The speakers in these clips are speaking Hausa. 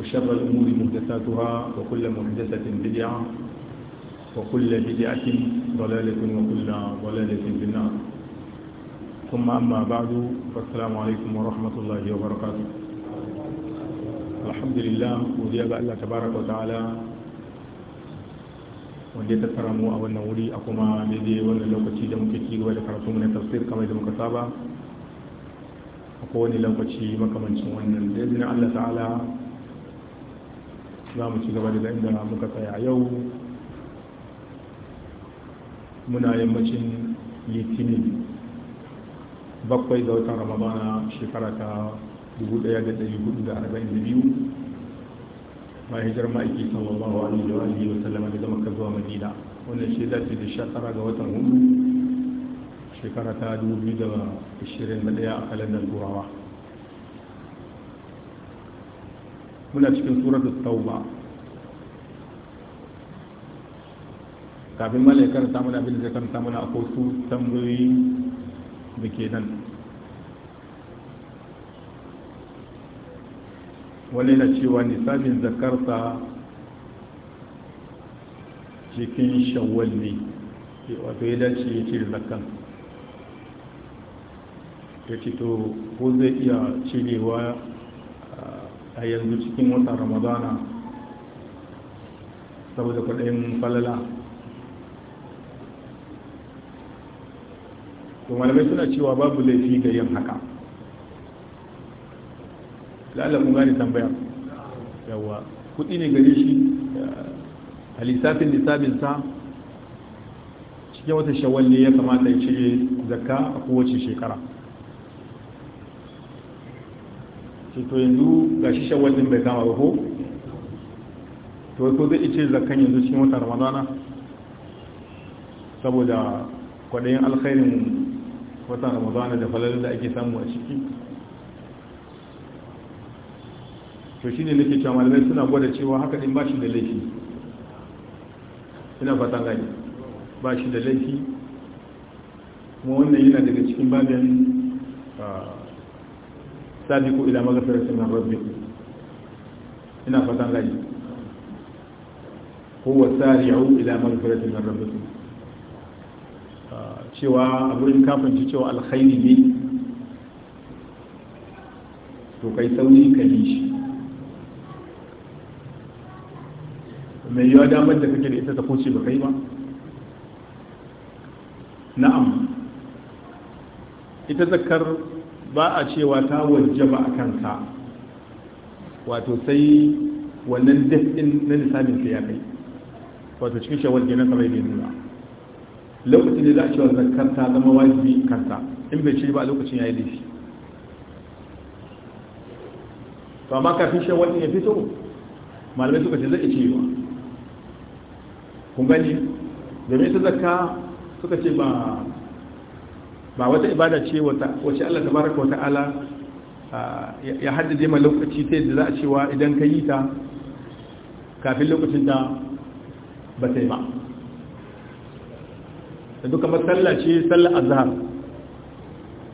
وشر الأمور محدثاتها وكل محدثة بدعة وكل بدعة ضلالة وكل ضلالة في النار ثم أما بعد فالسلام عليكم ورحمة الله وبركاته الحمد لله وجاب الله تبارك وتعالى wanda ya tattara mu a wannan wuri a kuma daidai wannan lokaci da muke ci gaba da karatu na tafsir kamar da muka saba a kowane lokaci makamancin wannan da izinin Allah ta'ala za mu ci gaba daga inda muka tsaya yau muna yammacin litinin bakwai ga watan ramadana shekara ta 1442 bayan hijar ma'aiki sallallahu alaihi wa alihi wa sallama daga makka zuwa madina wannan shi dace da sha tara ga watan hudu shekara ta 2021 a kalandar turawa muna cikin suratul tauba kafin mala ya karanta a abin da zai karanta mana akwai su tambayoyi da ke nan wani na cewa nisabin zakarta cikin shawwal ne wato ya dace ya ce zakan ya ce to ko zai iya cirewa a yanzu cikin watan ramadana saboda kwaɗayin falala to malamai suna cewa babu laifi ga yin haka la'alakun gani tambaya yawa kudi ne gare shi a lissafin lissafinsa cikin wata ne ya kamata ya cire zakka a kowace shekara shi to yanzu ga shi shawwal din bai kama ba ko to ko zai ce zakan yanzu cikin watan ramadana saboda kwaɗayin alkhairin wata ramadana da falalin da ake samu a ciki to shi ne nake cewa malamai suna gwada cewa haka din ba shi da laifi ina fatan gani ba shi da laifi kuma wannan yana daga cikin babin ah, sabiku ila maghfiratin min rabbik ina fatan gani huwa sari'u ila maghfiratin min rabbik ah, cewa a gurin ci cewa alkhairi ne to kai sauri ka yi shi mai yiwa damar da kake da ita ta kuce ba kai ba na'am ita zakar ba a cewa ta wajaba a kanka, wato sai wannan dafin na ta ya kai wato cikin shawar kenan kamar yadda nuna lokacin da za a cewa zakar ta zama wajibi kanta in bai ce ba a lokacin ya yi laifi to amma kafin shawar ya fito malamai suka ce zai ba. kun gani domin ita zakka suka ce ba ba wata ibada ce wace Allah tabaraka wata'ala ya haddade ma lokaci ta yadda za a cewa idan ka yi ta kafin lokacin ta ba ta yi ba da duka matsala ce sallar azhar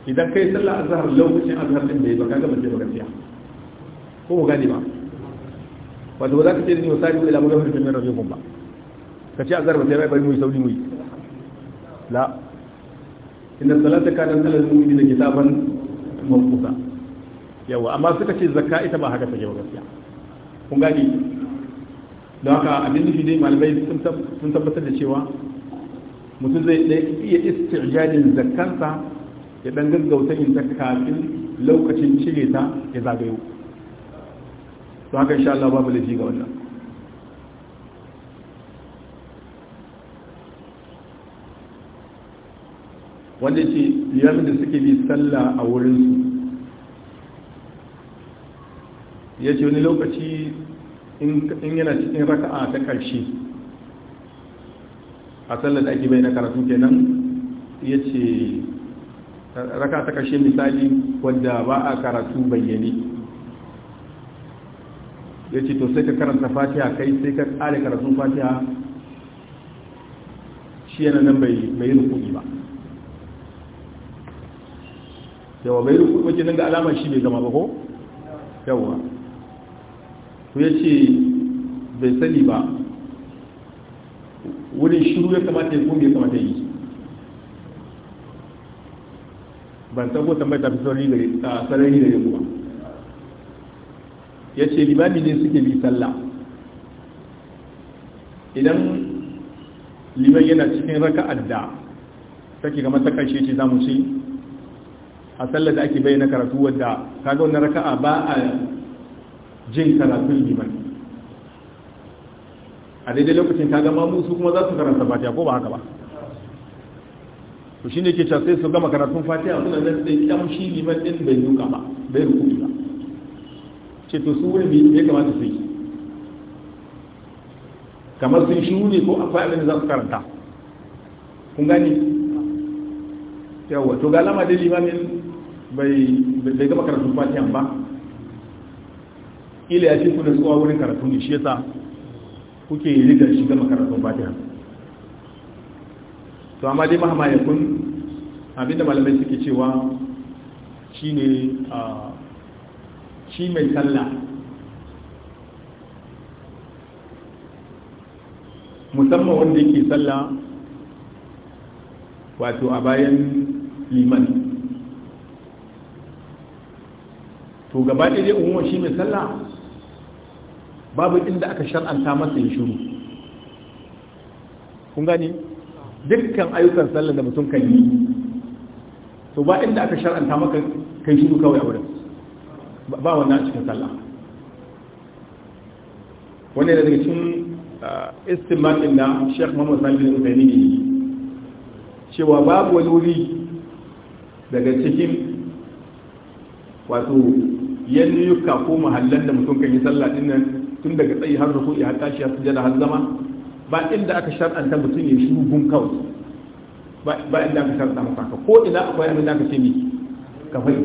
idan kai sallar azhar lokacin azhar din bai ba kaga mace ba gaskiya ko ku gane ba wato ba za ka ce da ni wasari ila mu gafar jami'ar rabin ba ka ce azhar ba sai bai bari mu yi sauri mu yi la inda salata ka dan salatu mu'mini da kitaban mawquta yawa amma suka ce zakka ita ba haka take ba gaskiya kun gani don haka abin nufi dai malamai sun tabbatar da cewa mutum zai iya istijadin zakkansa ya dan gaggauta in kafin lokacin cire ta ya zagayo don haka insha Allah babu laifi ga wannan wanda ce biyar da suke bi sallah a wurinsu ya ce wani lokaci in yana cikin raka'a ta ƙarshe a sallar da ake bai na karatu kenan ya ce raka ta ƙarshe misali wadda ba a karatu bayyane ya ce to sai ka karanta fatiha kai sai ka ƙare karatun fatiha shi yana nan bai yi rukuni ba yawa bai ruku wace nan ga alama shi bai zama ba ko yawa to ya ce bai sani ba wurin shiru ya kamata ya kuma ya kamata yi ban san ko tambayar ta fi sarari gare ta sarari gare kuma ya ce limami ne suke bi sallah idan liman yana cikin raka'ar da take ga matakan shi ce za mu ci a sallar da ake bayyana karatu wadda kaga wannan raka'a ba a jin karatun liman a daidai lokacin kaga ma musu kuma za su karanta fatiha ko ba haka ba to shine ke cewa sai su gama karatun fatiha suna nan sai kamshi liman din bai duka ba bai rukuki ba ce to su wani ya kamata su yi kamar sun shi ne ko akwai abin da za su karanta kun gani yawa to ga lama da limamin bai gaba karatun fatihan ba ila ya ce kuna da tsawa wurin karatu ne shi yasa kuke yi rigar shi gama karatun fatihan to amma dai mahama ya kun abinda malamai suke cewa shi ne shi mai sallah musamman wanda yake sallah wato a bayan liman to gaba ɗaya umuwa shi mai sallah babu inda aka shar'anta masa ya shiru kun gani dukkan ayyukan sallah da mutum kan yi to ba inda aka shar'anta maka kai shiru kawai a wurin ba wannan cikin sallah wani da daga cikin ah, istimakin da Sheikh Muhammad Salim bin Uthaymeen ne cewa babu wani wuri daga cikin wato yayyuka ko mahallan da mutum kan yi sallah din nan tun daga tsayi har ruku'i har tashi har sujada har zama ba inda aka shar'anta mutum ya shi gun kawai ba inda aka shar'anta masa ka ko ina akwai abin da aka ce miki ka fai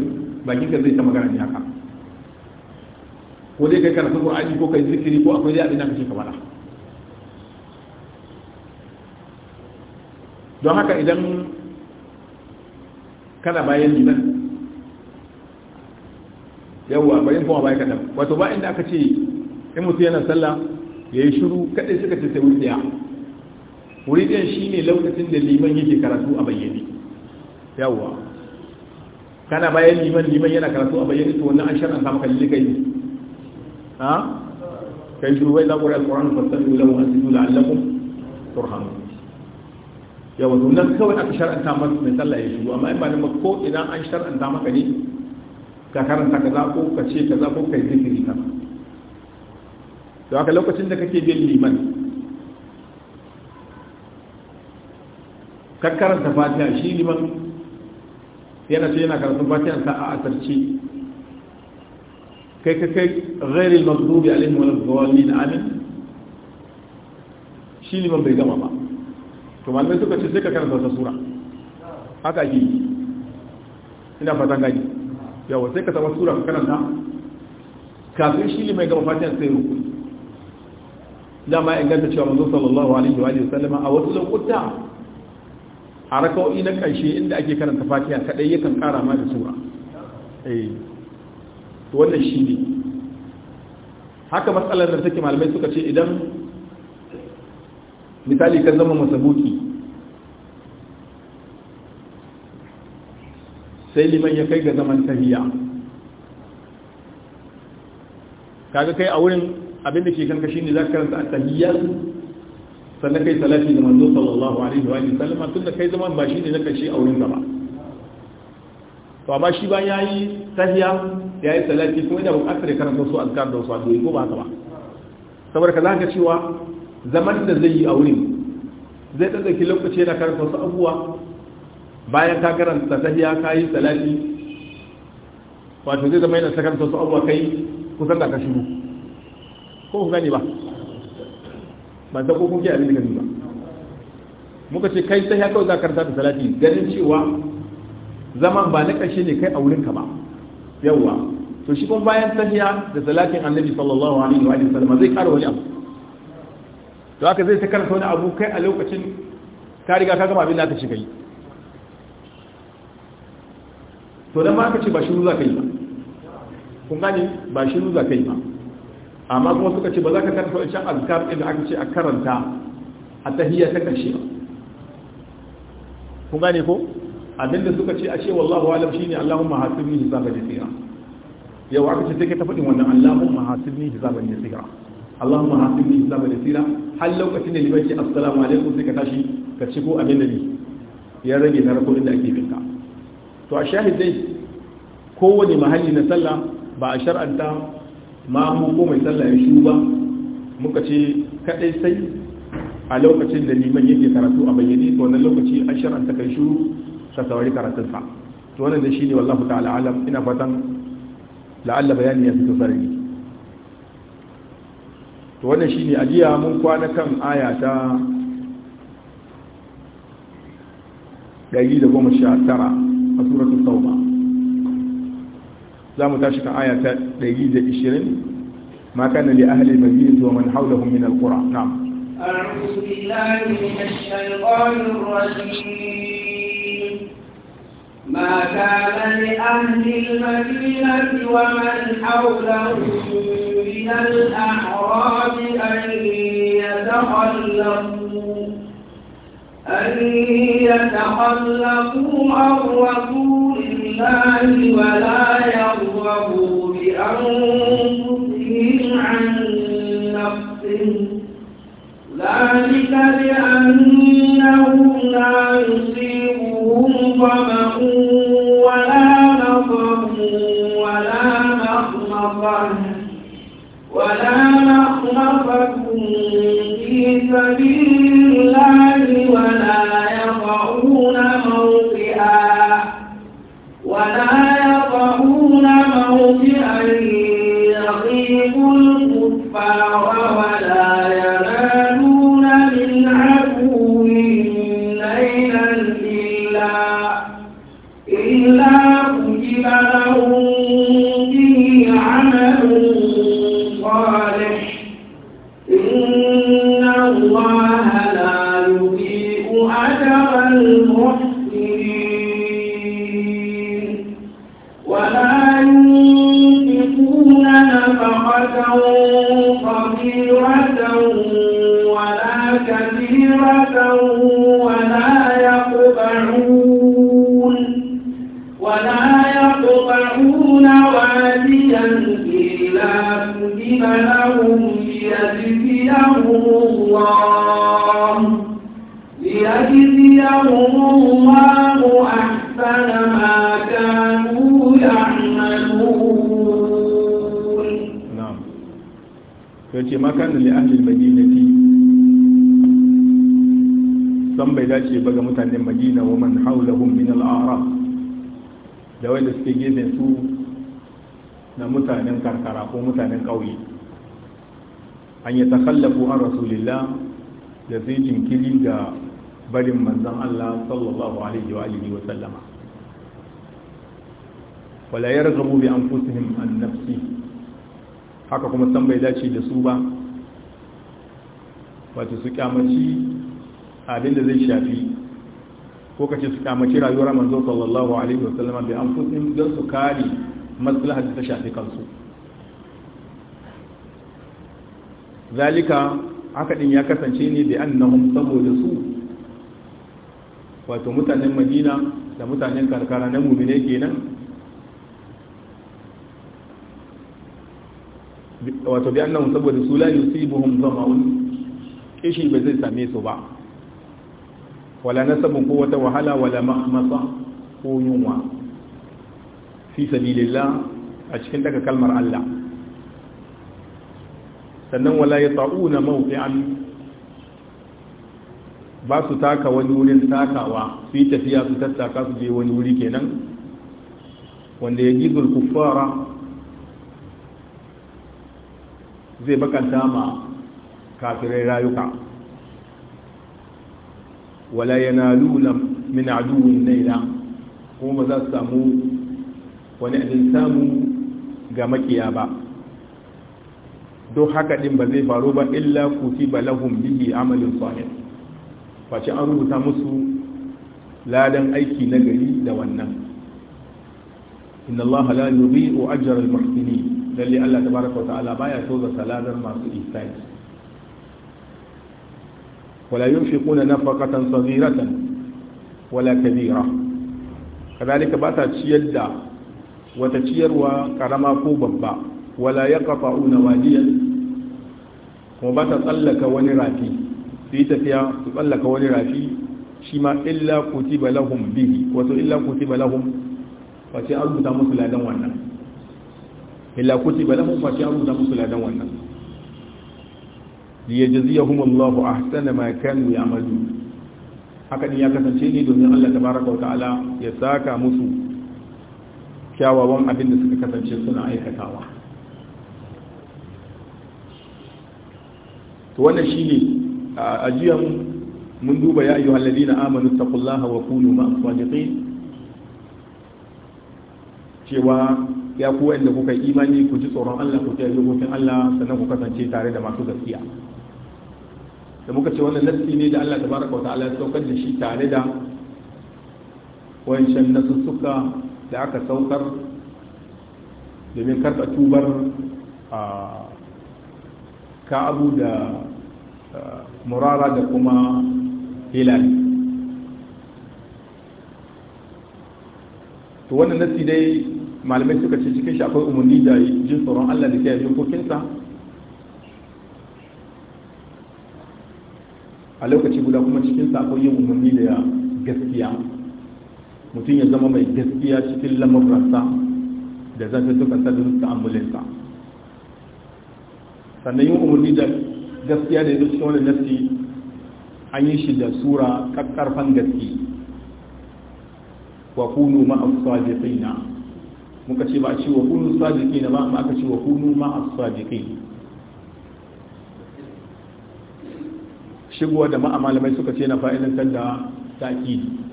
bakin ka zai ta magana ne haka ko dai kai karatu Qur'ani ko kai zikiri ko akwai dai abin da aka ce ka faɗa don haka idan kana bayan liman yawwa bari in koma baya kadan wato ba inda aka ce in mutu yana sallah ya yi shiru kadai suka ce sai wuri daya wuri lokacin da liman yake karatu a bayyane yawwa kana bayan liman liman yana karatu a bayyane to wannan an shar'an samu kalli kai ne ha kai shiru wai zaku rai qur'an fasallu lahu asidu la'allakum turhamu yawa to nan kawai aka shar'anta maka mai sallah ya shiru amma in ba ne ko idan an shar'anta maka ne ka karanta ka ko ka ce ka zaɓo ko yi zikiri ka ba lokacin da kake bin liman ka karanta fatiya shi liman yana ce yana karatun fatiya sa a asarci kai ka kai ghairil maghdubi wani zuwanni na amin shi liman bai gama ba to malamai suka ce sai ka karanta wata sura haka ake ina fatan gaji yawa sai ka saba sura ka karanta kafin shi mai gaba fatiha sai ruku dama inganta cewa manzo sallallahu alaihi wa alihi a wasu lokuta a raka'o'i na karshe inda ake karanta fatiha kadai yakan kara ma da sura eh wannan shi ne haka matsalar da take malamai suka ce idan misali kan zama masabuki sai liman ya kai ga zaman tahiya kaga kai a wurin abinda ke kanka shine za ka karanta at-tahiyya sannan kai salati da manzo sallallahu alaihi wa sallam tun da kai zaman ba shine na karshe a wurin ba to amma shi bayan yayi tahiyya yayi salati kuma yana buƙatar ya karanta su azkar da wasu addu'o'i ko ba haka ba saboda kaza ka cewa zaman da zai yi a wurin zai tsaki lokaci yana karanta wasu abubuwa bayan ka karanta tahiya ka yi salati wato zai zama yana sakar su abuwa kai kusan da ka shiru ko ku gani ba ban ta ko kun abin da gani ba muka ce kai tahiya kawai za ka karanta da salati ganin cewa zaman ba na ƙarshe ne kai a ka ba yawwa to shi kuma bayan tahiya da salatin annabi sallallahu alaihi wa sallam zai ƙara wani abu to haka zai ta karanta wani abu kai a lokacin ka riga ka gama abin da ka shiga yi to dan ma aka ce ba shiru za ka yi ba kun gane ba shiru za ka yi ba amma kuma suka ce ba za ka karanta shan azkar din da aka ce a karanta a tahiyya ta karshe ba kun gane ko abinda suka ce a ce wallahu alam shine allahumma hasibni da tsira? yau aka ce take ta faɗin wannan allahumma hasibni hisaban yasira allahumma hasibni da tsira, har lokacin da limanci assalamu alaikum sai ka tashi ka ci ko abin da ya rage na rakodin da ake binka to a shahid dai kowane mahalli na sallah ba a shar'anta ma mu ko mai sallah ya shi ba muka ce kadai sai a lokacin da liman yake karatu a bayyane to wannan lokaci a shar'anta kai shuru ka saurari karatunsa to wannan da ne wallahu ta'ala alam ina fatan la'alla bayani ya fito sarari to wannan shi ne ajiya mun kwana kan aya ta 119 سورة التوبة لا متاشفة آية ليجيز إشيرين ما كان لأهل المدينة ومن حولهم من القرى نعم أعوذ بالله من الشيطان الرجيم ما كان لأهل المدينة ومن حولهم من الأحراب أن يتخلفوا أن يتخلقوا عن رسول الله ولا يرغبوا بأنفسهم عن نفسه ذلك بأنهم لا يصيبهم ظمأ إلا كتب لهم ليجزيهم الله ليجزيهم الله أحسن ما كانوا يعملون نعم فيتي ما كان لأهل المدينة san bai dace ba ga mutanen madina wa man haulahum min al-a'rab da wanda suke gefen su na mutanen karkara ko mutanen ƙauye an yi takallafu an rasulillah da zai jinkiri ga barin manzan Allah sallallahu alaihi wa alihi wa sallama wala yarghabu bi anfusihim an nafsi haka kuma san bai dace da su ba wato su kyamaci abin da zai shafi ko kace su kyamaci rayuwar manzo sallallahu alaihi wa sallama bi anfusihim dan su kare maslahar da ta shafi kansu zalika haka din ya kasance ne da annahum saboda su wato mutanen madina da mutanen karkara na mumine kenan wato bi annahum saboda su la yusibuhum dhama'un kishi ba zai same su ba wala nasabun ko wata wahala wala mahmasa ko yunwa fi sabilillah a cikin daga kalmar Allah sannan wala ta'una mawdi'an ba su taka wani wurin takawa su yi tafiya su tattaka su je wani wuri kenan wanda ya gizul kuffara zai bakanta ma kafirai rayuka wala yana lula min aduwin naila kuma za su samu wani abin samu ga makiya ba don haka din ba zai faru ba illa kuti lahum bihi amalin salih face an rubuta musu ladan aiki na gari da wannan inna Allah la yudhi'u ajra al-muhsinin lalle Allah tabaraka wa ta'ala baya toza saladar masu ihsani wala yunfiquna nafaqatan saghiratan wala kabira kadalika ba ta ciyar da wata ciyarwa karama ko babba wala ya kafa una wadiya kuma ba ta tsallaka wani rafi su yi tafiya su tsallaka wani rafi shi ma illa kutiba lahum bihi wato illa kutiba lahum face an rubuta musu ladan wannan illa kutiba lahum face an rubuta musu ladan wannan liyajziyahum Allahu ahsana ma kanu ya'malun haka din ya kasance ne domin Allah tabaraka wa ta'ala ya saka musu kyawawan abin da suka kasance suna aikatawa to wannan shine a jiyan mun duba ya ayyuhal ladina amanu taqullaha wa kunu ma'as sadiqin cewa ya ku wanda kuka imani ku ji tsoron Allah ku kiyaye dokokin Allah sannan ku kasance tare da masu gaskiya da muka ce wannan nassi ne da Allah tabaraka wa ta'ala ya saukar da shi tare da wancan nasussuka da aka saukar domin karɓa tubar a ka'abu da murara da kuma hilal to wannan nasi dai malamai suka ce cikin shi akwai umarni da jin tsoron allah da ke kiyaye hukuncinsa a lokaci guda kuma cikinsa akwai yin umarni da gaskiya mutum ya zama mai gaskiya cikin lamurarsa da zafi suka sadin ta'ambulinsa sannan yin umarni da gaskiya da ya cikin wani nafsi an yi shi da sura kakkarfan gaske wa kunu ma'as-sadiqina muka ce ba a ce wa kunu sadiqina ba amma aka ce wa kunu ma'as-sadiqin shigowa da ma'a malamai suka ce na fa'ilantar ta ƙi.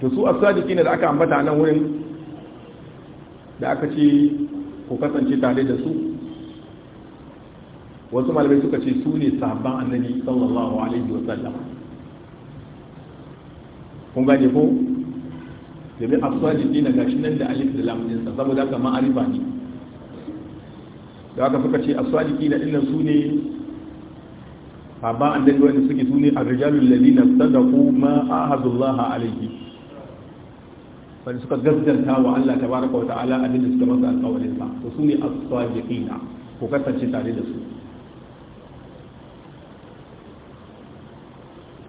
to su asadiki ne da aka ambata nan wurin da aka ce ku kasance tare da su wasu malamai suka ce su ne sahabban annabi sallallahu alaihi wa sallam kun gane ko domin asadiki na gashi nan da alif da lam din sa saboda haka ma'arifa ne da aka suka ce asadiki na dinnan su ne sahabban annabi wanda suke su ne ar-rijalul ladina sadaqu ma ahadullah alaihi wanda suka gaskanta wa Allah tabaraka wa ta'ala abin da suka masa alƙawarin sa to su ne as-sadiqina ko kasance tare da su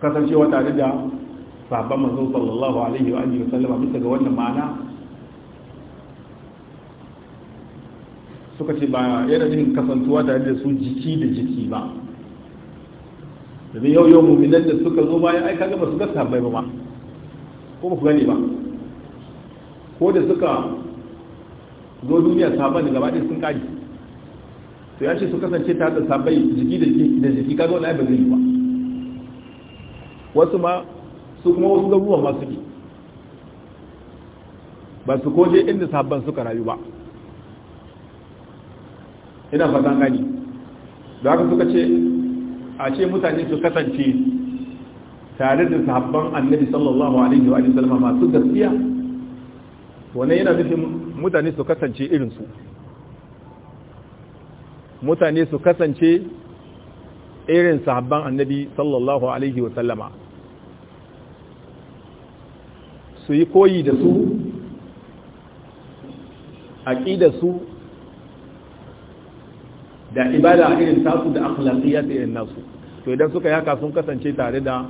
kasancewa tare da sahabban manzo sallallahu alaihi wa alihi wa sallama bisa ga wannan ma'ana suka ce ba yana jin kasantuwa tare da su jiki da jiki ba domin yau yau muminan da suka zo bayan ai kaga ba su ga sahabbai ba ko ba ku gani ba ko da suka zo duniya sabon da gabaɗin sun kaji to ya ce su kasance ta da sabai jiki da jiki zo na abin zai ba wasu ma su kuma wasu garuruwan masu ne ba su koje inda sabon suka rayu ba ina fatan gani da haka suka ce a ce mutane su kasance tare da sahabban annabi sallallahu alaihi wa sallama masu gaskiya wane yana nufin mutane su kasance irinsu mutane su kasance irin sahabban annabi sallallahu alaihi wasallama su yi koyi da su da su da ibada irin tasu da akhlaqiyat irin nasu to idan suka yaka sun kasance tare da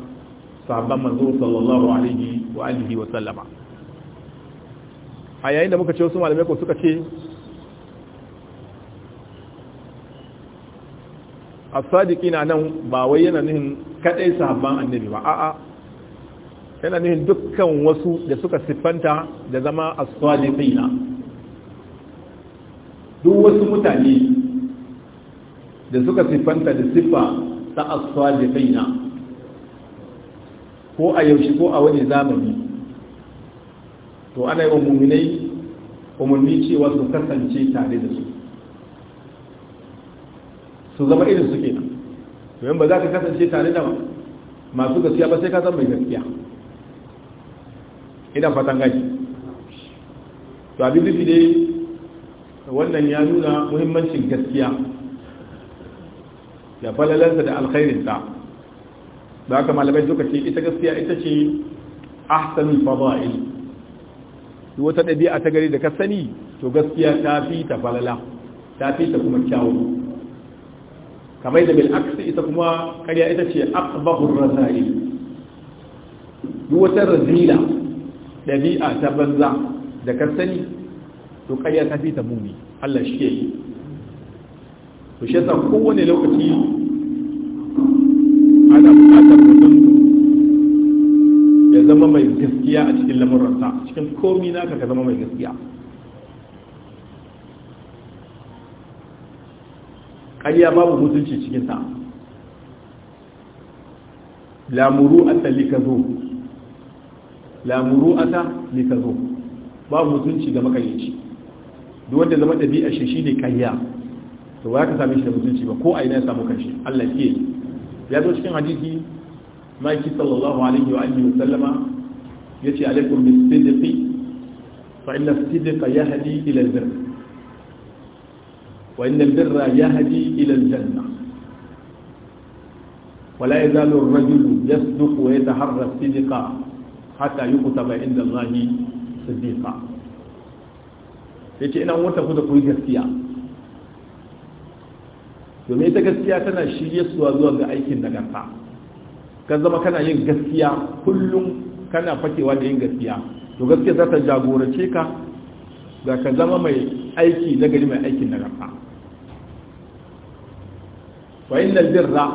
sahabban manzo sallallahu alaihi wa alihi wa sallama a yayin da muka ce wasu malamai ko suka ce asadiki na nan ba wai yana nuhin kadai sahabban annabi ba a'a yana nuhin dukkan wasu da suka siffanta da zama asadiki na duk wasu mutane da suka siffanta da siffa ta asadiki na ko a yaushe ko a wani zamani to ana yi wa muminai umarni cewa su kasance tare da su su zama irin suke na. domin ba za ka kasance tare da masu gaskiya ba sai ka zama mai gaskiya ina fatan gaji to abin nufi dai wannan ya nuna muhimmancin gaskiya ya falalarsa da alkhairinsa da haka malamai suka ce ita gaskiya ita ce ahsanul fada'il duk wata ɗabi'a ta gari da ka sani to gaskiya ta fi ta falala ta fi ta kuma kyawu kamar da bil aksi ita kuma karya ita ce aqbahur rasail duk wata razila ɗabi'a ta banza da ka sani to ƙarya ta fi ta muni Allah shi ke yi to shi yasa kowane lokaci zama mai gaskiya a cikin lamurarsa cikin komi naka ka zama mai gaskiya ƙarya babu mutunci cikinsa lamuru ata likazo lamuru ata likazo babu mutunci ga makayyaci duk wanda zama ɗabi'a shi shi ne ƙarya to ba ka same shi da mutunci ba ko a ina ya samu kanshi Allah ke ya zo cikin hadisi maki sallallahu alaihi wa wa sallama yace alaikum bis-sidqi fa inna as-sidqa yahdi ila al-birr wa inna al-birra yahdi ila al-jannah ولا يزال الرجل يصدق ويتحرى الصدق حتى يكتب عند الله صديقا yace ina wata ku da ku gaskiya domin ita gaskiya tana shirye suwa zuwa ga aikin nagarta ka zama kana yin gaskiya kullum kana fakewa da yin gaskiya to gaskiya za ta jagorace ka ga ka zama mai aiki na gari mai aikin na rafa fa inna birra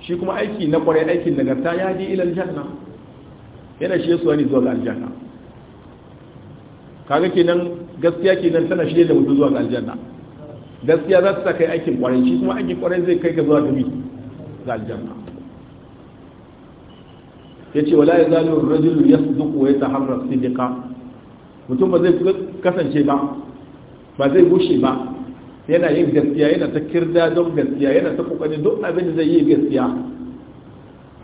shi kuma aiki na kwarai aikin nagarta ya ji ila aljanna yana shi yaso ne zuwa ga aljanna kaga kenan gaskiya kenan tana shi da mutum zuwa ga aljanna gaskiya za ta kai aikin kwarai shi kuma aikin kwarai zai kai ka zuwa ga ga aljanna yace wala yazalu ar rajul yasduqu wa yataharra sidqa mutum ba zai kasance ba ba zai gushe ba yana yin gaskiya yana ta kirda don gaskiya yana ta kokari duk abin da zai yi gaskiya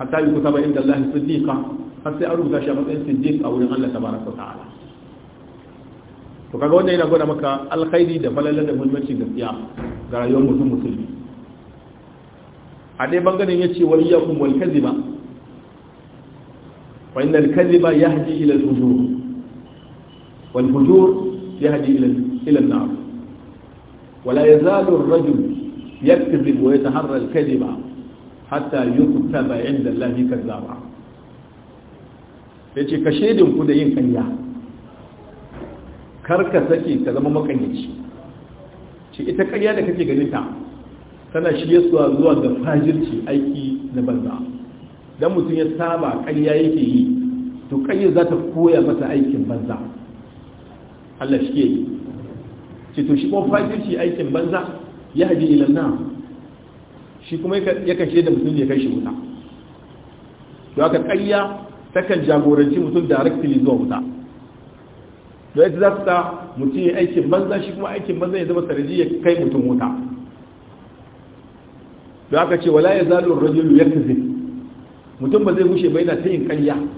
hatta yi kusa ba inda Allah siddiqa har sai an rubuta shi a matsayin siddiq a wurin Allah tabaraka ta'ala to kaga wannan yana gwada maka alkhairi da falalar da muhimmancin gaskiya ga rayuwar mutum musulmi a dai bangaren yace waliyakum wal kadhiba فإن الكذب يهدي إلى الفجور والفجور يهدي إلى النار ولا يزال الرجل يكذب ويتهرى الكذب حتى يكتب عند الله كذابا yace ka shedin ku da yin kanya ka sake ka zama makanyaci ce ita karya da kake ganin ta tana shirya zuwa zuwa ga fajirci aiki na banza dan mutum ya saba karya yake yi to ƙayyar za ta koya mata aikin banza Allah shi ke yi ce to shi kuma fajirci aikin banza ya haji ilan na shi kuma ya kashe da mutum ya kai shi wuta to haka ta takan jagoranci mutum directly zuwa wuta to ci za su ta mutum ya aikin banza shi kuma aikin banza ya zama sarari ya kai mutum wuta to aka ce wala ya zalo rajulu ya kazi mutum ba zai gushe ba yana ta yin ƙarya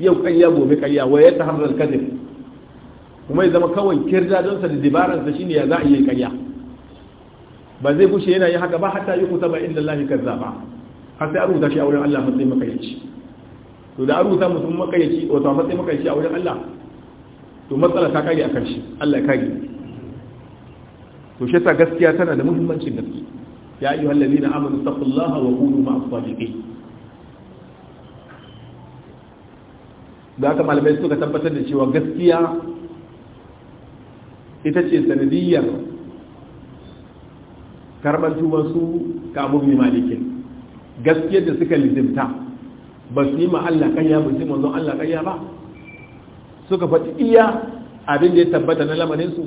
yau ƙarya gobe ƙarya wa ya taharrar kadir kuma ya zama kawai kirja don sa da dabaransa shine ya za a yi ƙarya ba zai kushe yana yi haka ba hatta yi kusa ba inda lahi kaza ba har sai an rubuta shi a wurin Allah matsayin makayaci to da an rubuta mutum makayaci wato a matsayin makayaci a wurin Allah to matsala ta kare a kan Allah ya kare to shi yasa gaskiya tana da muhimmancin gaske. ya ayyuhal ladina amanu taqullaha wa qulu ma'as sadiqin da haka malamai suka tabbatar da cewa gaskiya ita ce sanadiyyar karɓar su abu mai malikin gaskiyar da suka lizimta ba su yi ma kanya ba su manzon Allah kanya ba suka faɗi iya abin da ya tabbata na lamarinsu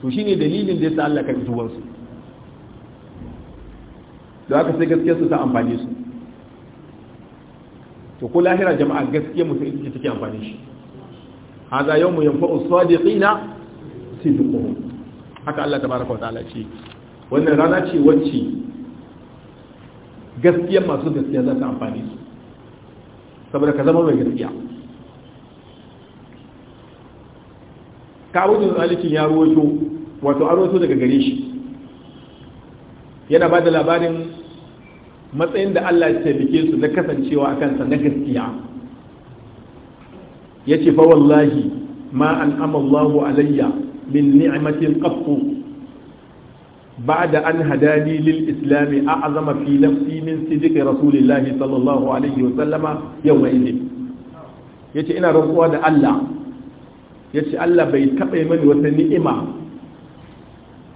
to shine dalilin da ya sa Allah kan tuwansu da haka sai gaskiyar su ta amfani su to ko lahira jama'a gaskiya mutum ita take amfani shi hada yawmu yanfa'u sadiqina sidquhum haka Allah tabaaraka wa ta'ala ce wannan rana ce wacce gaskiya masu gaskiya za ta amfani su saboda ka zama mai gaskiya kawunin alikin ya ruwato wato an ruwato daga gare shi yana ba da labarin matsayin da Allah ya taimake su na kasancewa a kansa na gaskiya yace fa wallahi ma an amallahu alayya min ni'matin qattu بعد أن هداني للإسلام أعظم في نفسي من صدق رسول الله صلى الله عليه وسلم يومئذ yace ina rantsuwa da Allah yace Allah bai taɓa mani wata ni'ima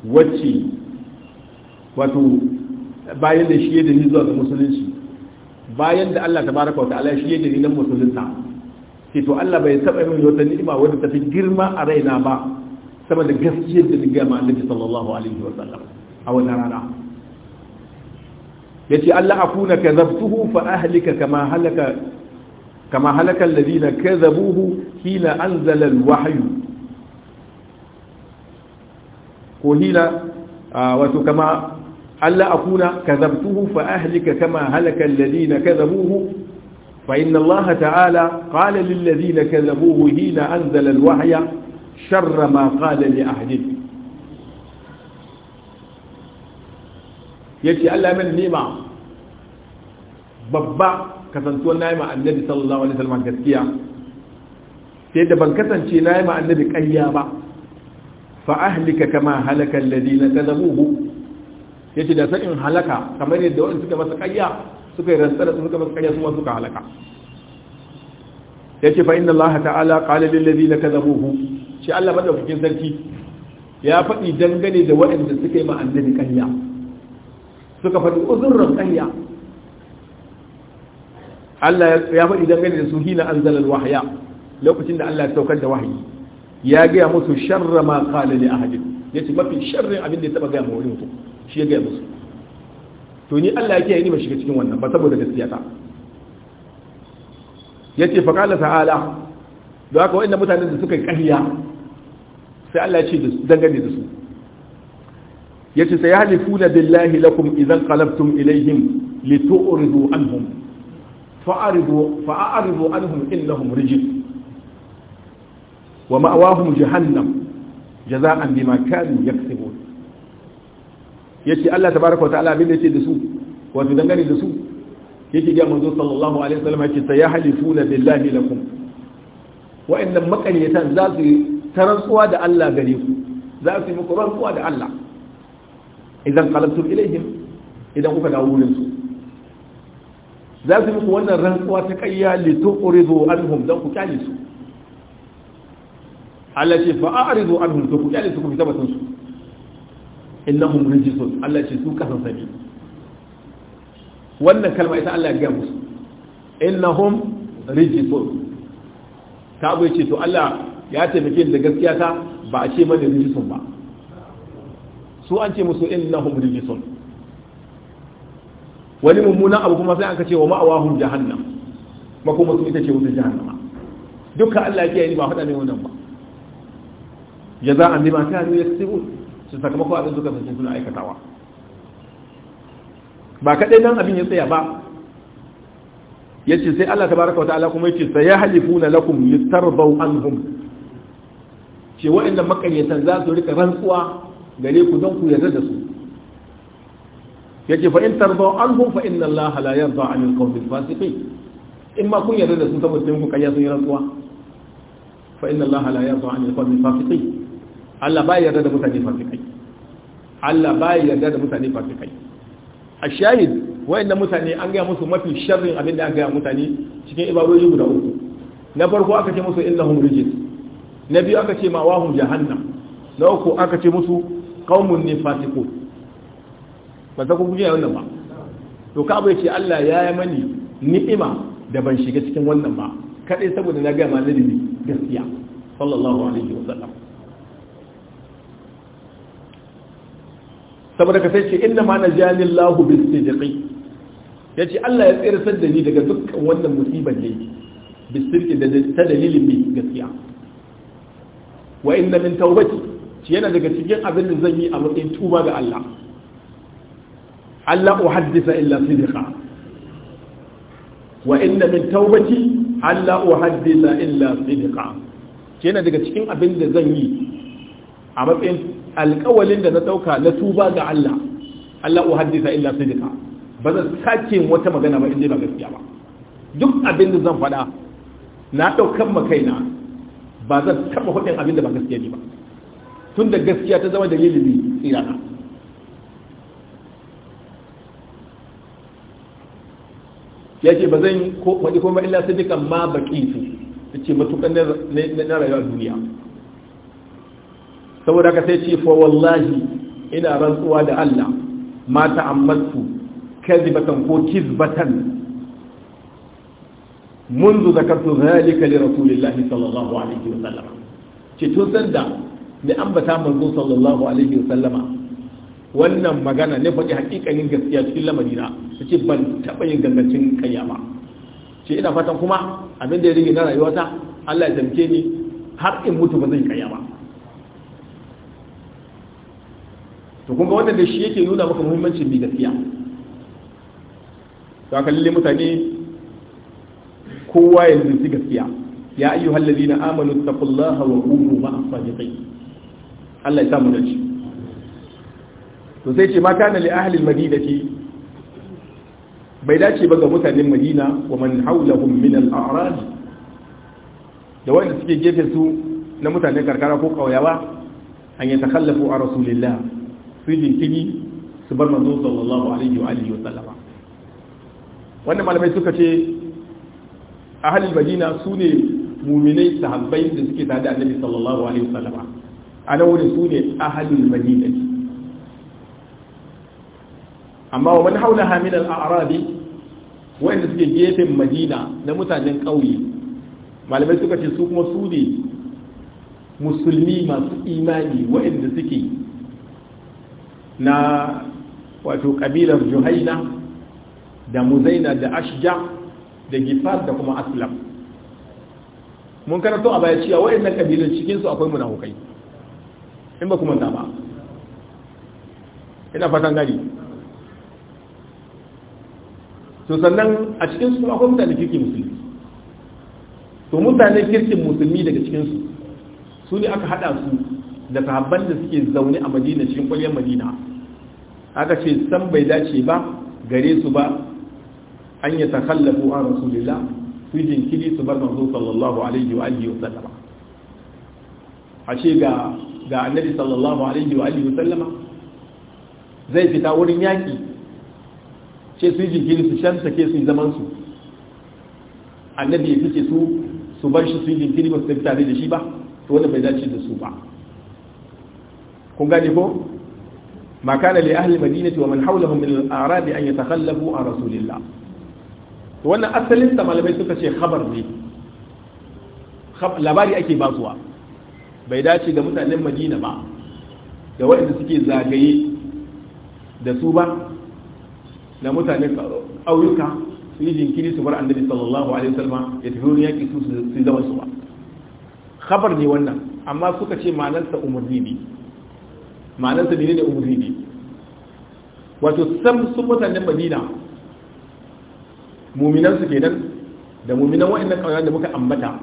wacce wato bayan da shi da ni zuwa ga musulunci bayan da Allah ta tabaraka wa ta'ala shi da ni nan musulunta sai to Allah bai saba min wata ni'ima wadda ta fi girma a raina ba sama da gaskiyar da ga ma Annabi sallallahu alaihi wa sallam a wannan rana yace Allah akuna kadhabtuhu fa ahlika kama halaka kama halaka alladhina kadhabuhu hina anzala alwahyu ko hina wato kama alla akuna kadhabtuhu fa ahlika kama halaka alladhina kadhabuhu fa inna Allah ta'ala qala lil ladhina kadhabuhu hina anzala al wahya sharra ma qala li ahadin yace Allah min nima babba kasantuwar nayi ma annabi sallallahu alaihi wasallam gaskiya sai da ban kasance nayi ma annabi ƙarya ba fa ahlika kama halaka alladhina kadhabuhu yace da sai in halaka kamar yadda waɗanda suka masa ƙarya suka yi rantsar da suka masa ƙarya kuma suka halaka yace fa'in da Allah ta'ala qala na kaza buhu shi Allah madaukakin sarki ya faɗi dangane da waɗanda suka yi ma'anda da ƙarya suka faɗi uzurran ƙarya Allah ya faɗi dangane da su hina an zalar wahaya lokacin da Allah ya saukar da wahayi ya gaya musu sharra ma qala li ya yace mafi sharrin abin da ya taba gaya ma wani mutum shi ya gaya musu to ni Allah ya yi ni ba shiga cikin wannan ba saboda gaskiya ta yace fa qala ta'ala da haka wa'annan mutanen da suka yi sai Allah ya ce dangane da su yace sai yahlifuna billahi lakum idan qalabtum ilayhim litu'ridu anhum fa'aridu fa'aridu anhum innahum rijis wa ma'awahum jahannam jaza'an bima kanu yaksibun yace Allah tabaraka wa ta'ala abin da yace da su wato dangane da su yake ga manzo sallallahu alaihi wasallam yace sayahlifuna billahi lakum wa'annan maƙaryatan za su tarantsuwa da Allah gare ku za su yi muku rantsuwa da Allah idan qalabtum ilaihim idan kuka dawo wurin su za su muku wannan rantsuwa ta kayya li tuqridu anhum dan ku kyale su Allah ce fa a'ridu anhum to ku kyale su ku fita batun su innahum rijisun Allah ce su kasansani wannan kalma ita Allah ya ga musu innahum rijisun ta abu ce to Allah ya taimake da gaskiya ta ba a ce mana rijisun ba su an ce musu innahum rijisun wani mummuna abu kuma sai aka ce wa ma'awahum jahannam makoma su ita ce wuta jahannama duka Allah ya kiyaye ba faɗa ne wannan ba jaza'an bima kanu yaktubun su sakamako abin suka sace suna aikatawa ba kaɗai nan abin ya tsaya ba ya ce sai Allah tabaraka wa ta'ala kuma ya ce sai ya halifu na lakum litarbau anhum ce wa'annan makayyatan za su rika rantsuwa gare ku don ku yarda da su yace fa in tarbau anhum fa inna Allah la yarda 'anil qawmil fasiqin in ma kun yarda da su saboda kun kayya sun yi rantsuwa fa inna Allah la yarda 'anil qawmil fasiqin Allah ba ya yarda da mutane fasikai Allah ba ya yarda da mutane fasikai a shahid wayannan mutane an gaya musu mafi sharrin abin da an gaya mutane cikin ibadoji guda uku na farko aka ce musu innahum rijis na biyu aka ce ma wahum jahannam na uku aka ce musu qaumun ne fasiqun ba za ku guje wannan ba to ka bai ce Allah ya yi mani ni'ima da ban shiga cikin wannan ba kadai saboda na gaya ma nabi gaskiya sallallahu alaihi wasallam saboda ka sai ce inda ma najani Allahu bis ya yace Allah ya tsere da ni daga dukkan wannan musibar da yake bis sidqi da ta dalilin bi gaskiya wa inna min tawbati ci yana daga cikin abin da zan yi a matsayin tuba ga Allah Allah uhaddisa illa sidiqa wa inna min tawbati Allah uhaddisa illa sidiqa ci yana daga cikin abin da zan yi a matsayin alƙawalin da na ɗauka na tuba ga Allah Allah haddisa illa sidika ba zan sake wata magana ba inda ba gaskiya ba duk abin da zan faɗa na ɗaukan ma kaina ba zan taɓa hudin abin da ba gaskiya ne ba tun da gaskiya ta zama dalilin ne tsirana ya ce ba zan wani kuma illa sadiqan ma baƙi su ta ce matuƙan na rayuwa duniya saboda ka sai ce fa wallahi ina rantsuwa da Allah ma ta'ammatu kadhibatan ko kizbatan منذ ذكرت ذلك لرسول الله صلى الله عليه وسلم tun sanda da ambata manzo sallallahu alaihi wasallama wannan magana ne faɗi hakikanin gaskiya cikin lamarina ta ce ban taɓa yin gangancin kayyama ce ina fatan kuma abin da ya rige na rayuwata Allah ya tamke ni har in mutu ba zan kayyama ba to kun ga wannan da shi yake nuna maka muhimmancin bi gaskiya to aka lalle mutane kowa ya zinci gaskiya ya ayyuha ta amanu taqullaha wa kunu a sadiqin Allah ya samu dace to sai ce ma kana li ahli madina madinati bai dace ba ga mutanen Madina wa man haulahum min al-a'raj da wanda suke gefe su na mutanen karkara ko kauyawa an yi takallafu a rasulillah su jinkiri su bar manzo sallallahu alaihi wa alihi wa sallama wannan malamai suka ce ahalul madina su ne muminai sahabbai da suke tare da annabi sallallahu alaihi wa sallama ana wurin madina amma wa man haula hamin al-a'rabi wanda suke gefen madina na mutanen ƙauye malamai suka ce su kuma su ne musulmi masu imani waɗanda suke na wato kabilar juhaina da muzaina da ashja da gifar da kuma aslam mun karanto a baya cewa waɗannan kabilan cikinsu akwai munafukai in ba kuma ba ina fatan gari. to sannan a cikinsu akwai mutane kirki musulmi to mutane kirkin musulmi daga cikinsu su ne aka haɗa su da sahabban da suke zaune a madina cikin ƙwallon madina aka ce san bai dace ba gare su ba an yi takallafu a rasulillah su jinkiri su bar manzo sallallahu alaihi wa alihi wa sallama a ce ga ga annabi sallallahu alaihi wa alihi wa sallama zai fita wurin yaki ce su jinkiri su shan ke su zaman su annabi ya fice su su bar shi su jinkiri ba su tafi tare da shi ba to wanda bai dace da su ba kun gane ko ma kana li ahli madinati wa man hawlahum min al-a'rab rasulillah wannan asalin da malamai suka ce khabar ne labari ake basuwa bai dace ga mutanen madina ba da waɗanda suke zagaye da su ba da mutane ƙauyuka su yi jinkiri su bar annabi sallallahu alaihi wasallam ya tafi wurin yaƙi su su zama su ba khabar ne wannan amma suka ce ma'anarsa umarni ne ma'anarsa ne ne umri ne wato sam sun mutanen madina muminan su kenan da muminan wa'annan kauran da muka ambata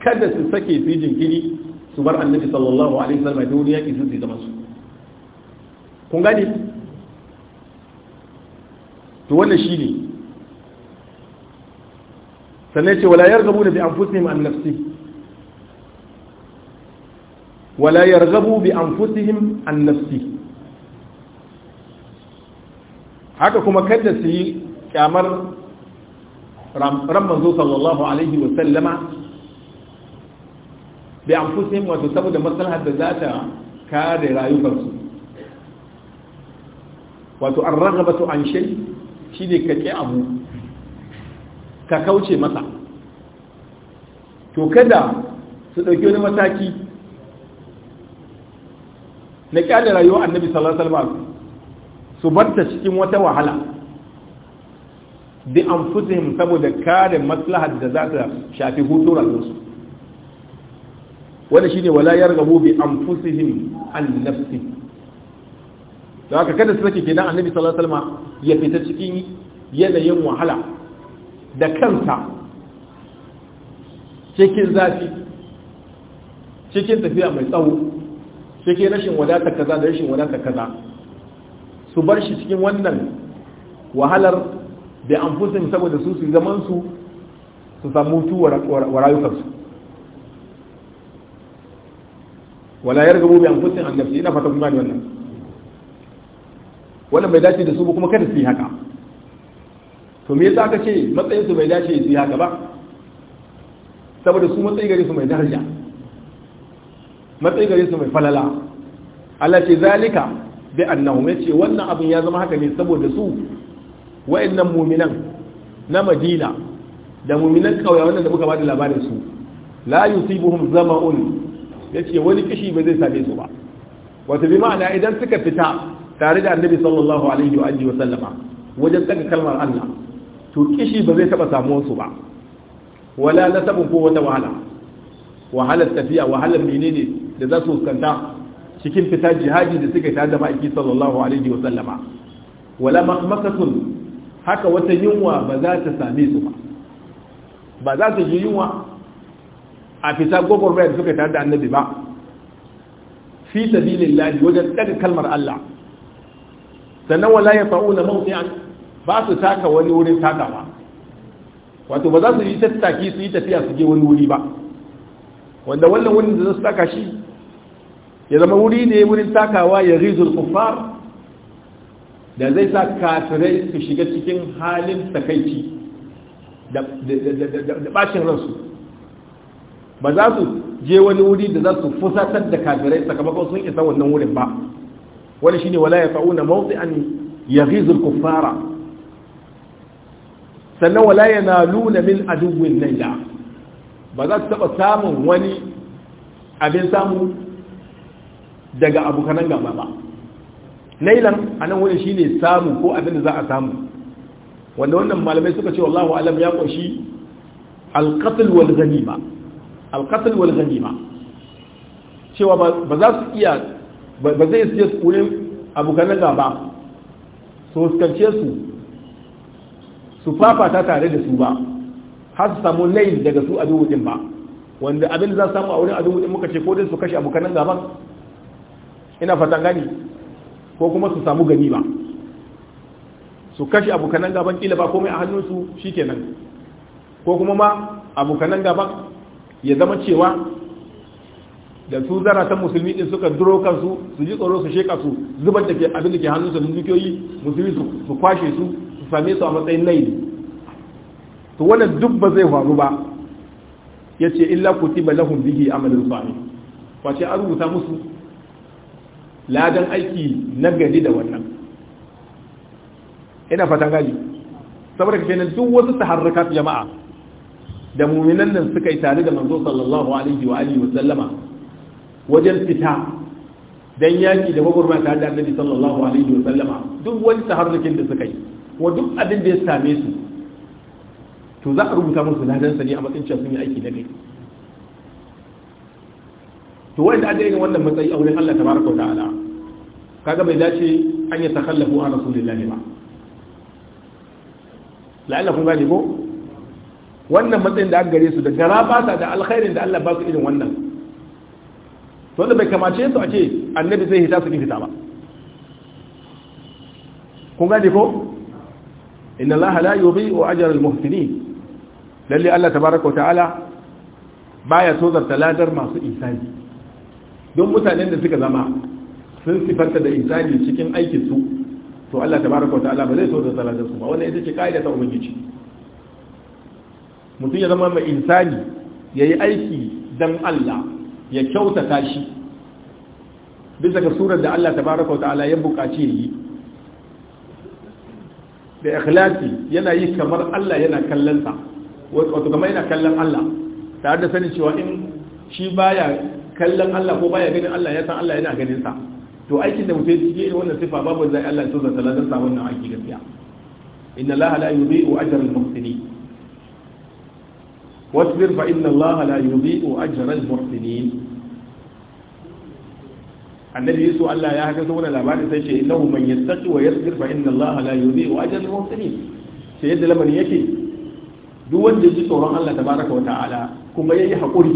kada su sake su jinkiri su bar annabi sallallahu alaihi wasallam duniya ki su zama su kun gani to wannan shine sannan ce wala yargabuna bi anfusihim an nafsihim wala yarghabu bi anfusihim an nafsi haka kuma kada su yi kyamar ran manzo sallallahu alaihi wa sallama bi anfusihim wato saboda maslahar da za ta kare rayukansu wato an ragabatu an shay shi ne ka ƙi abu ka kauce masa to kada su ɗauki wani mataki na kyale rayuwar annabi sallallahu alaihi wasallam su banta cikin wata wahala bi anfusihim saboda kare maslahar da za ta shafi hutu rayuwarsu shi ne wala yargabu bi anfusihim an nafsi da haka kada su sake kenan annabi sallallahu alaihi wasallam ya fita cikin yanayin wahala da kansa cikin zafi cikin tafiya mai tsawo sai ke rashin wadatar kaza da rashin wadatar kaza su bar shi cikin wannan wahalar da an fusin saboda su su zaman su su samu mutu wa rayukansu wala ya rigabu bi an fusin an nafsi ina fata kuma wannan wannan bai dace da su ba kuma kada su yi haka to me yasa aka ce matsayin su bai dace su yi haka ba saboda su matsayi gare su mai daraja matsayi gare su mai falala Allah ce zalika bi annahum yace wannan abin ya zama haka ne saboda su wa'annan mu'minan na Madina da mu'minan kauya wannan da muka bada labarin su la yusibuhum zama'un yace wani kishi ba zai same su ba wato bi ma'ana idan suka fita tare da Annabi sallallahu alaihi wa alihi wa sallama wajen tsaka kalmar Allah to kishi ba zai taba samu su ba wala nasabun ko wata wahala wahalar tafiya wahalar menene da za su fuskanta cikin fita jihadi da suka tare da ma'aiki sallallahu alaihi wa sallama wala makmakatun haka wata yunwa ba za ta same su ba ba za ta ji yunwa a fita gwagwarmaya da suka tare da annabi ba fi sabilillahi wajen ɗaga kalmar Allah sannan wala ya na mawdi'an ba su taka wani wurin takawa wato ba za su yi tattaki su yi tafiya su je wani wuri ba wanda wannan wurin da zasu saka shi ya zama wuri ne wurin takawa ya rizul kuffar da zai sa kafirai su shiga cikin halin takaici da bashin ransu ba za su je wani wuri da za su fusatar da kafirai sakamakon sun isa wannan wurin ba wani shine wala ya fa'una mawdi'an yaghizul kuffara sannan wala luna min aduwwin naila ba za su taba samun wani abin samu daga abokanan gaba ba nailan a nan wani ne samu ko abin da za a samu wanda wannan malamai suka ce wallahu alam ya kunshi alqatl wal ghanima alqatl wal ghanima cewa ba za su iya ba zai siya su wurin abokanan gaba su huskance su su fafata tare da su ba har su samu layin daga su adu din ba wanda abin za samu a wurin adu din muka ce ko dai su kashe abokanan gaban ina fatan gani ko kuma su samu gani ba su kashe abokanan gaban kila ba komai a hannunsu shikenan ko kuma ma abokanan gaban ya zama cewa da su zara ta musulmi din suka duro kansu su ji tsoro su sheka su zubar da ke abin da ke hannunsu da dukiyoyi musulmi su kwashe su su same su a matsayin laili to wannan duk ba zai faru ba ya ce illa ku kutiba lahum bihi amalun salih wace an rubuta musu ladan aiki na gari da wannan ina fatan gaji saboda nan duk wasu taharrukat jama'a da muminan nan suka yi tare da manzo sallallahu alaihi wa alihi wa sallama wajen fita dan yaki da gwagwarma tare da annabi sallallahu alaihi wa sallama duk wani taharrukin da suka yi wa duk abin da ya same su to za a rubuta musu ladansa ne a matsayin cewa sun yi aiki na kai to wanda aka yi wannan matsayi a wurin Allah tabaraka ta'ala kaga bai dace an ya takhallafu an rasulillahi ba la'alla kun gane ko wannan matsayin da an gare su da gara ba sa da alkhairin da Allah ba su irin wannan to wanda bai kamace su a ce annabi zai hita su fita ba kun gane ko inna Allah la yudhi'u ajra al-muhsinin lalle Allah tabaraka ta'ala baya tozarta ladar masu ihsani don mutanen da suka zama sun sifarta da ihsani cikin aikin su to Allah tabaraka ta'ala ba zai tozarta ladar su ba wannan ita ce kaida ta ubangiji mutum ya zama mai insani yayi aiki dan Allah ya kyautata shi bisa ga surar da Allah tabaraka ta'ala ya buƙaci yi da ikhlasi yana yi kamar Allah yana kallon sa wato kamar yana kallon Allah tare da sanin cewa in shi baya kallon Allah ko baya ganin Allah ya san Allah yana ganin sa to aikin da mutum yake yi wannan sifa babu zai Allah ya so zata ladan sa wannan aiki gaskiya inna Allah la yudhi'u ajra al-muhsinin wasbir fa inna Allah la yudhi'u ajra al-muhsinin annabi yaso Allah ya haka wannan labarin sai ce innahu man yattaqi wa yasbir fa inna Allah la yudhi'u ajra al-muhsinin sai yadda lamarin yake duk wanda ya ji tsoron Allah tabaraka wa ta'ala kuma ya yi haƙuri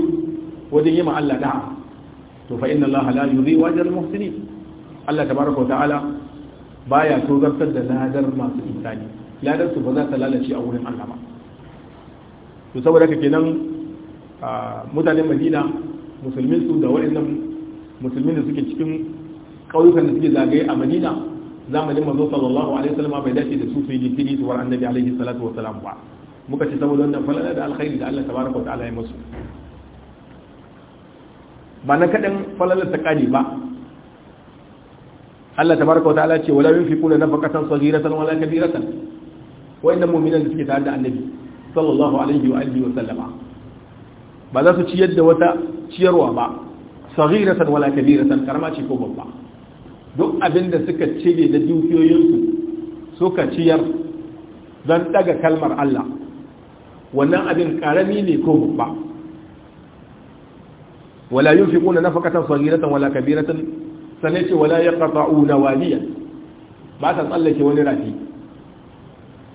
wajen yi ma Allah da'a to fa inna Allah la yudhi wajra al-muhsinin Allah tabaraka wa ta'ala baya tozartar da ladar masu insani ladar su ba za ta lalace a wurin Allah ba to saboda haka kenan mutanen Madina musulmin su da waɗannan musulmin da suke cikin ƙauyukan da suke zagaye a Madina zamanin manzo sallallahu alaihi wasallam bai dace da su su yi jinkiri su war annabi alaihi salatu wasalam ba muka ce saboda wannan falala da alkhairi da Allah tabaraka wa ta'ala ya musu ba na kaɗan falalar ta ƙari ba Allah tabaraka wa ta'ala ce wala yunfiquna nafaqatan saghiratan wala kabiratan wa inna mu'minan suke tare da annabi sallallahu alaihi wa alihi wa sallama ba za su ciyar da wata ciyarwa ba saghiratan wala kabiratan karama ce ko babba duk abin da suka cire da dukiyoyinsu suka ciyar dan daga kalmar Allah wannan abin karami ne ko babba wala yunfiquna nafaqatan saghiratan wala kabiratan sanace wala yaqta'una waliya ba ta tsallake wani rafi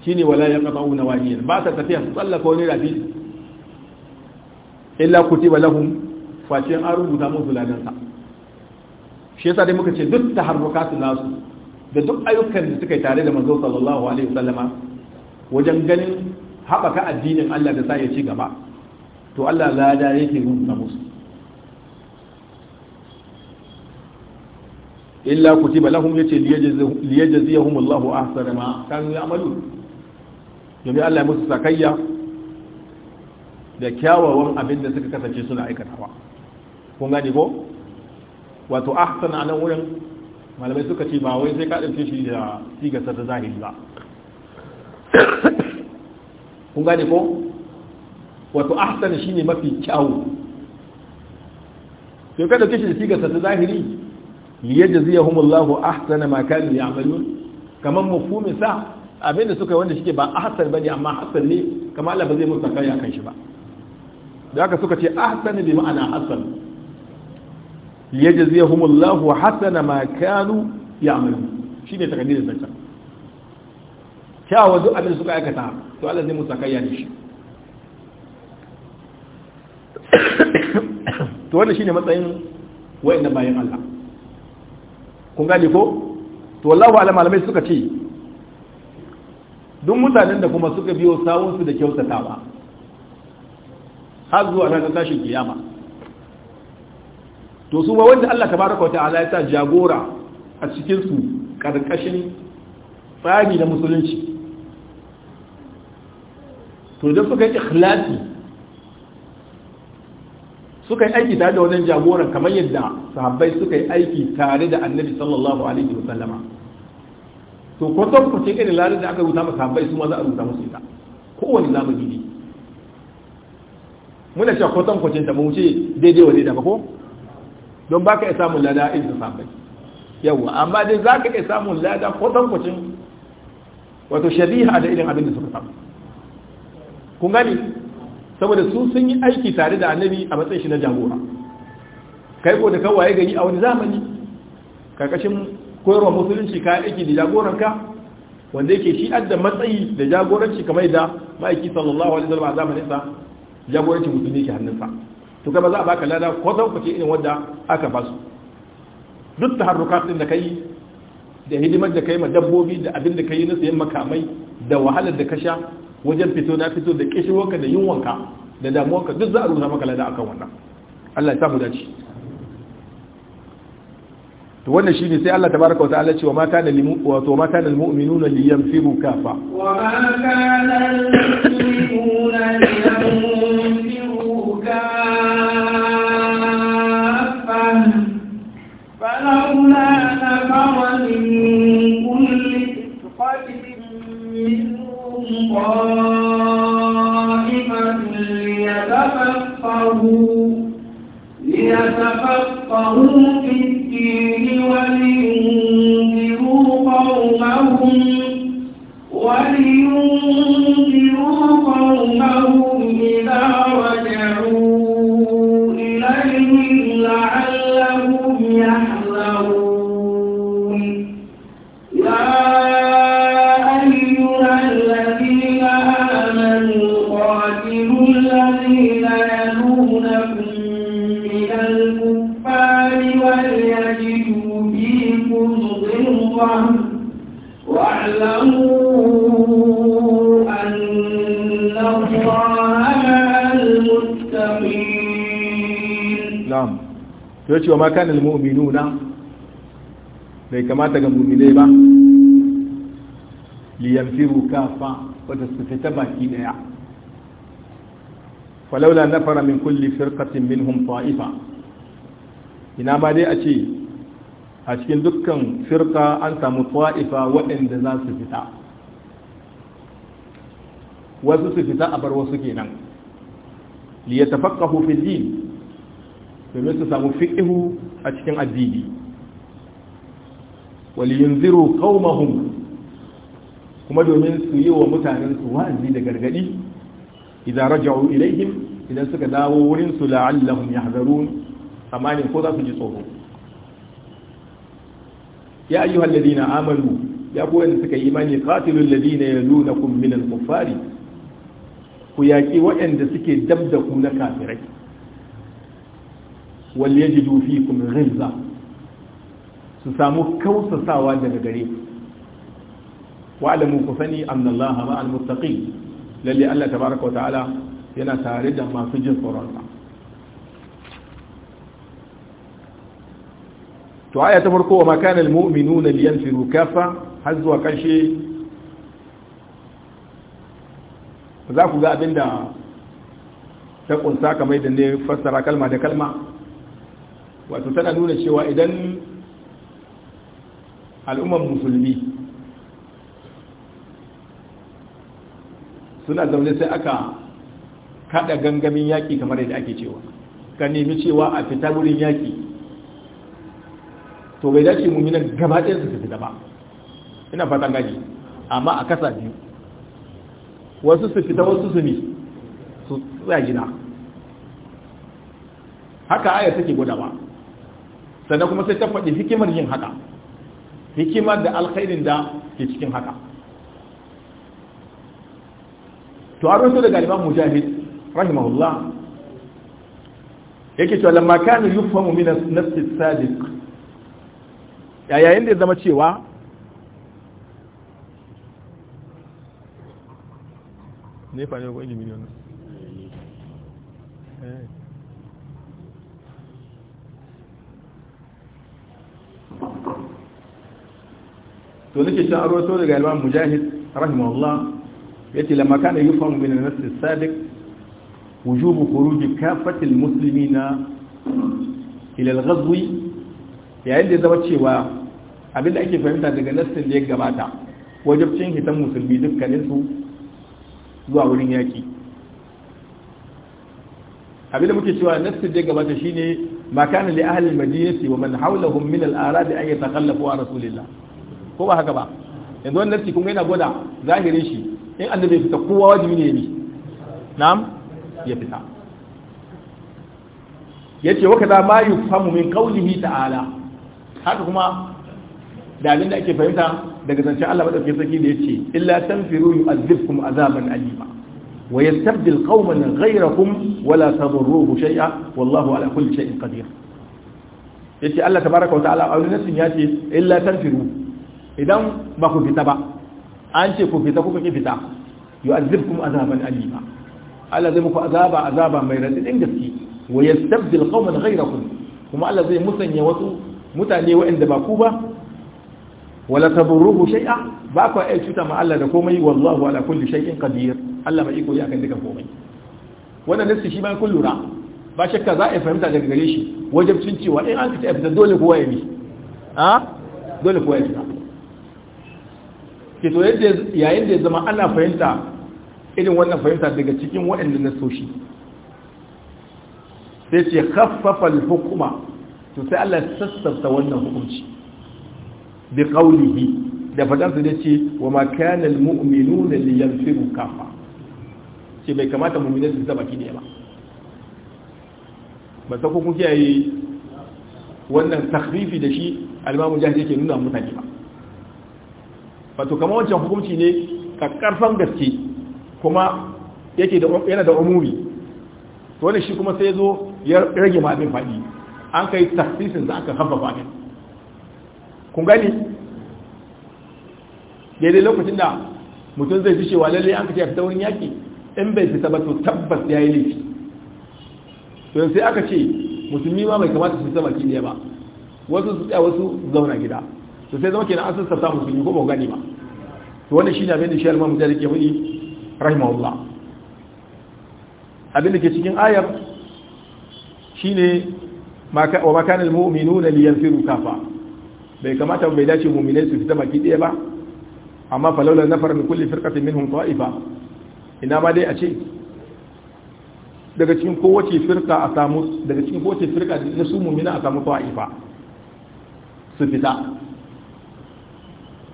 shine wala yaqta'una waliya ba ta tafiya su tsallaka wani rafi illa kutiba lahum facin an rubuta musu sa shi yasa dai muka ce duk taharrukatu nasu da duk ayyukan da suka yi tare da manzo sallallahu alaihi wasallama wajen ganin haɓaka addinin Allah da sa ya ci gaba to Allah lada yake rubuta musu illa kutiba lahum yace liyajziyahum Allah ahsana ma kanu ya'malun yabi Allah ya musu sakayya da kyawawan abin da suka kasance suna aikatawa kun gane ko wato ahsana nan wurin malamai suka ce ba wai sai ka ɗauke shi da sigasar da zahiri ba kun gane ko wato ahsan shine mafi kyau. to kada kace shi sigar ta zahiri liyajziyahum Allahu ahsan ma kanu ya'malun kaman mafhumin sa abinda suka yi wanda shike ba ahsan bane amma hasan ne kamar Allah ba zai mutsa kai akan shi ba da haka suka ce ahsan bi ma'ana hasan liyajziyahum Allahu hasana ma kanu ya'malun shine takaddirin zakka kyawawa duk abin suka aikata to Allah zai musa kayya da shi to wannan shine matsayin na bayan Allah kun gane ko to wallahi alama malamai suka ce duk mutanen da kuma suka biyo sawun su da kyautatawa har zuwa ranar tashin kiyama to su ba wanda Allah tabaraka wa ta'ala ya sa jagora a cikin su karkashin tsari na musulunci to da suka yi ikhlasi suka yi aiki tare da wannan jagoran kamar yadda sahabbai suka yi aiki tare da annabi sallallahu alaihi wa sallama to ko to kuce irin lalin da aka rubuta masa sahabbai su ma za a rubuta musu ita kowane zamani ne muna cewa ko tan kwacin ta mu ce daidai wa daidai ba ko don baka iya samun lada irin sahabbai yawa amma dai zaka iya samun lada ko tan kwacin wato shabiha da irin abin da suka samu kun gani saboda su sun yi aiki tare da annabi a matsayin shi na jagora kai ko da kawai gari a wani zamani karkashin koyarwa musulunci ka aiki da jagoranka wanda yake shi adda matsayi da jagoranci kamar da ma'aiki sallallahu alaihi wasallam a zamanin sa jagoranci ne ke hannunsa to kai ba za a baka lada ko taukace irin wanda aka ba su. duk taharrukat din da kai da hidimar da kai ma dabbobi da abin da kai na sayan makamai da wahalar da ka sha wajen fito na fito da kishiwarka da yunwanka da damuwanka duk za a rubuta maka lada akan wannan Allah ya samu dace to wannan shine sai Allah tabaraka wa ta'ala cewa mata da limu to mata da mu'minuna liyanfiru kafa wa ma kana al-mu'minuna liyanfiru kafa فلولا نفر من ma muminu na bai kamata ga mu'minai ba liyanfiru kafa wata su fita baki daya falaula nafara min kulli firqatin minhum ta'ifa ina ma dai a ce a cikin dukkan firqa an samu ta'ifa waɗanda za su fita wasu su fita a bar wasu kenan liyatafaqahu fi din domin su samu fiƙihu a cikin addini waliyunziru qaumahum kuma domin su yi wa mutanen su wa'azi da gargadi idan raja'u ilaihim idan suka dawo wurin su la'allahum yahzarun amma ne ko za su ji tsoro ya ayyuhal ladina amanu ya ku wanda suka yi imani qatilul ladina yalunakum minal kuffari ku yaƙi waɗanda suke dab da ku na kafirai wal yajidu fikum ghilza su samu kausasawa daga gare ku wa alamu ku sani annallaha ma al muttaqin Allah ta wa ta'ala yana tare da masu jin tsoron sa to aya ta farko wa ma kana al mu'minuna liyanfiru kafa har zuwa karshe za ku ga abinda ta kunsa kamar da ne fassara kalma da kalma wato tana nuna cewa idan al'umman musulmi suna zaune sai aka kada gangamin yaƙi kamar yadda ake cewa ka nemi cewa a fita wurin yaƙi to bai dace mu gaba gabaɗin su fita ba ina fatan gaji amma a kasa biyu wasu su fita wasu su ne su tsaya gida haka aya take gudawa ba sannan kuma sai ta faɗi hikimar yin haka hikimar da alkhairin da ke cikin haka to an rasu da liman mujahid rahimahullah yake cewa lamma kana yufhamu min nafsi sadiq yayin da zama cewa ne fa ne ko ilimi ne to nake cin arwato daga imam mujahid rahimahullah yace lamma kana yufhamu min an-nass as Sadiq wujubu khuruj kaffati al-muslimina ila al-ghazw yayin da zama cewa abinda ake fahimta daga nassin da ya gabata wajibcin hitan musulmi dukkanin su zuwa wurin yaki abinda muke cewa nassin da ya gabata shine ma kana li ahli al-madinati wa man hawlahum min al-arad an yatakhallafu an rasulillah ko ba haka ba yanzu wannan nasi kuma yana gwada zahirin shi in annabi ya fita kowa wajibi ne bi na'am ya fita yace wa kaza ma yufhamu min qawlihi ta'ala haka kuma da abinda da ake fahimta daga zancen Allah madaukakin sarki da yace illa tanfiru yu'adhibkum azaban alima wa yastabdil qauman ghayrakum wa la tadurruhu shay'a wallahu ala kulli shay'in qadir yace Allah tabaaraka wa ta'ala a wani nasin yace illa tanfiru idan ba ku fita ba an ce ku fita kuka ki fita yu'azzibkum azaban alima Allah zai muku azaba azaba mai radadin gaske wa yastabdil qauman ghayrakum kuma Allah zai musanya wasu mutane waɗanda ba ku ba wala taburruhu shay'a ba ku ai cuta ma Allah da komai wallahu ala kulli shay'in qadir Allah mai iko ya kan duka komai wannan nasu shi ba kun lura ba shakka za a fahimta daga gare shi wajibcin cewa in an fita fita dole kowa ya bi a ah? dole kowa ya fita ke to yayin da ya zama ana fahimta irin wannan fahimta daga cikin waɗanda na soshi sai ce haffafa hukuma to sai Allah sassafta wannan hukunci bi qawlihi da fadansa da ce wa ma kana almu'minuna yanfiru kafa ce bai kamata mu'minai su zaba kidi ba ba ta ko kuke wannan takhrifi da shi al-Imam Mujahid yake nuna mutane ba wato kamar wancan hukunci ne karfan gaske kuma yake da yana da umuri to wani shi kuma sai zo ya rage ma abin faɗi an kai tafsirin da aka haɓa ne kun gani daidai lokacin da mutum zai fi cewa lallai an kace ya fita wurin yaƙi in bai fita ba to tabbas ya yi laifi to sai aka ce musulmi ma bai kamata su sama kiliya ba wasu su tsaya wasu zauna gida to sai zama kenan an sassafta musulmi ko ba gani ba to wannan shine abin da shi al-Imam Mujahid ke rahim rahimahullah abin da ke cikin ayar shine wa ma mu'uminu al-mu'minuna liyanfiru kafa bai kamata bai dace mu'minai su fita baki ɗaya ba amma falawla nafar min kulli firqatin minhum ta'ifa ina ma dai a ce daga cikin kowace firka a samu daga cikin kowace firka na su mu'mina a samu ta'ifa su fita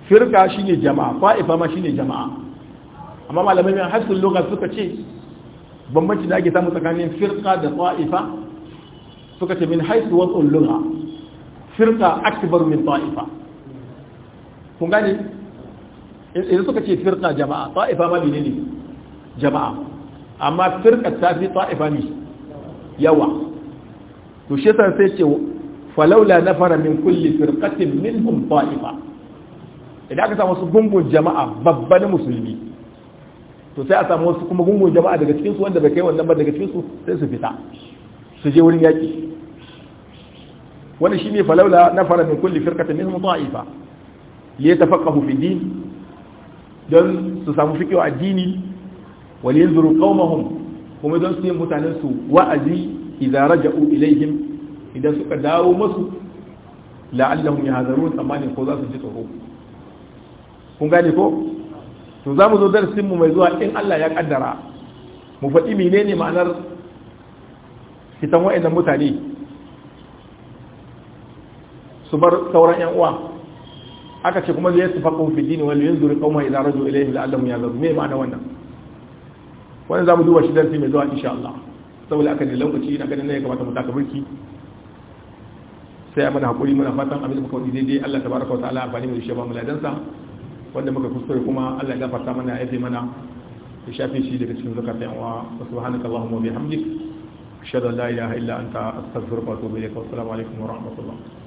firka shine jama'a fa'ifa ma shine jama'a amma malamai mai hasul lugha suka ce bambanci da ake samu tsakanin firka da fa'ifa suka ce min haisu wad'ul lugha firka akbar min fa'ifa kun gane idan suka ce firka jama'a fa'ifa ma ne jama'a amma firka ta fi fa'ifa ne yawa to shi sai ce falaula nafara min kulli firqatin minhum fa'ifa idan aka samu wasu gungun jama'a babba na musulmi to sai a samu wasu kuma gungun jama'a daga cikinsu wanda bai kai wannan ba daga cikinsu sai su fita su je wurin yaƙi wani shi ne falaula na fara min kulli firkatin minhum ta'ifa li yatafaqahu fi din don su samu fikiyo addini wa li yanzuru qaumahum kuma don su yi mutanen su wa'azi idza raja'u ilaihim idan suka dawo musu la'allahum yahzarun tsammanin ko za su ji tsoro kun gane ko to za mu zo darasin mu mai zuwa in Allah ya kaddara mu faɗi menene ma'anar fitan wa'annan mutane su bar sauran yan uwa aka ce kuma zai tafaka fi dini wal yanzur qawma idza raju ilayhi ya ya'lamun me ma'ana wannan wannan za mu duba shi darasin mai zuwa insha Allah saboda aka ne lokaci na ganin ne ya kamata mu taka birki. sai mana hakuri muna fatan abin da muka wani daidai Allah tabaraka wa ta'ala amfani mu da shi ba mu ladansa wanda muka kuskure kuma Allah ya gafarta mana ya mana ya shafe shi daga cikin zakatan wa subhanaka allahumma wa bihamdik ashhadu an la ilaha illa anta astaghfiruka wa atubu ilaik wa assalamu alaikum wa rahmatullah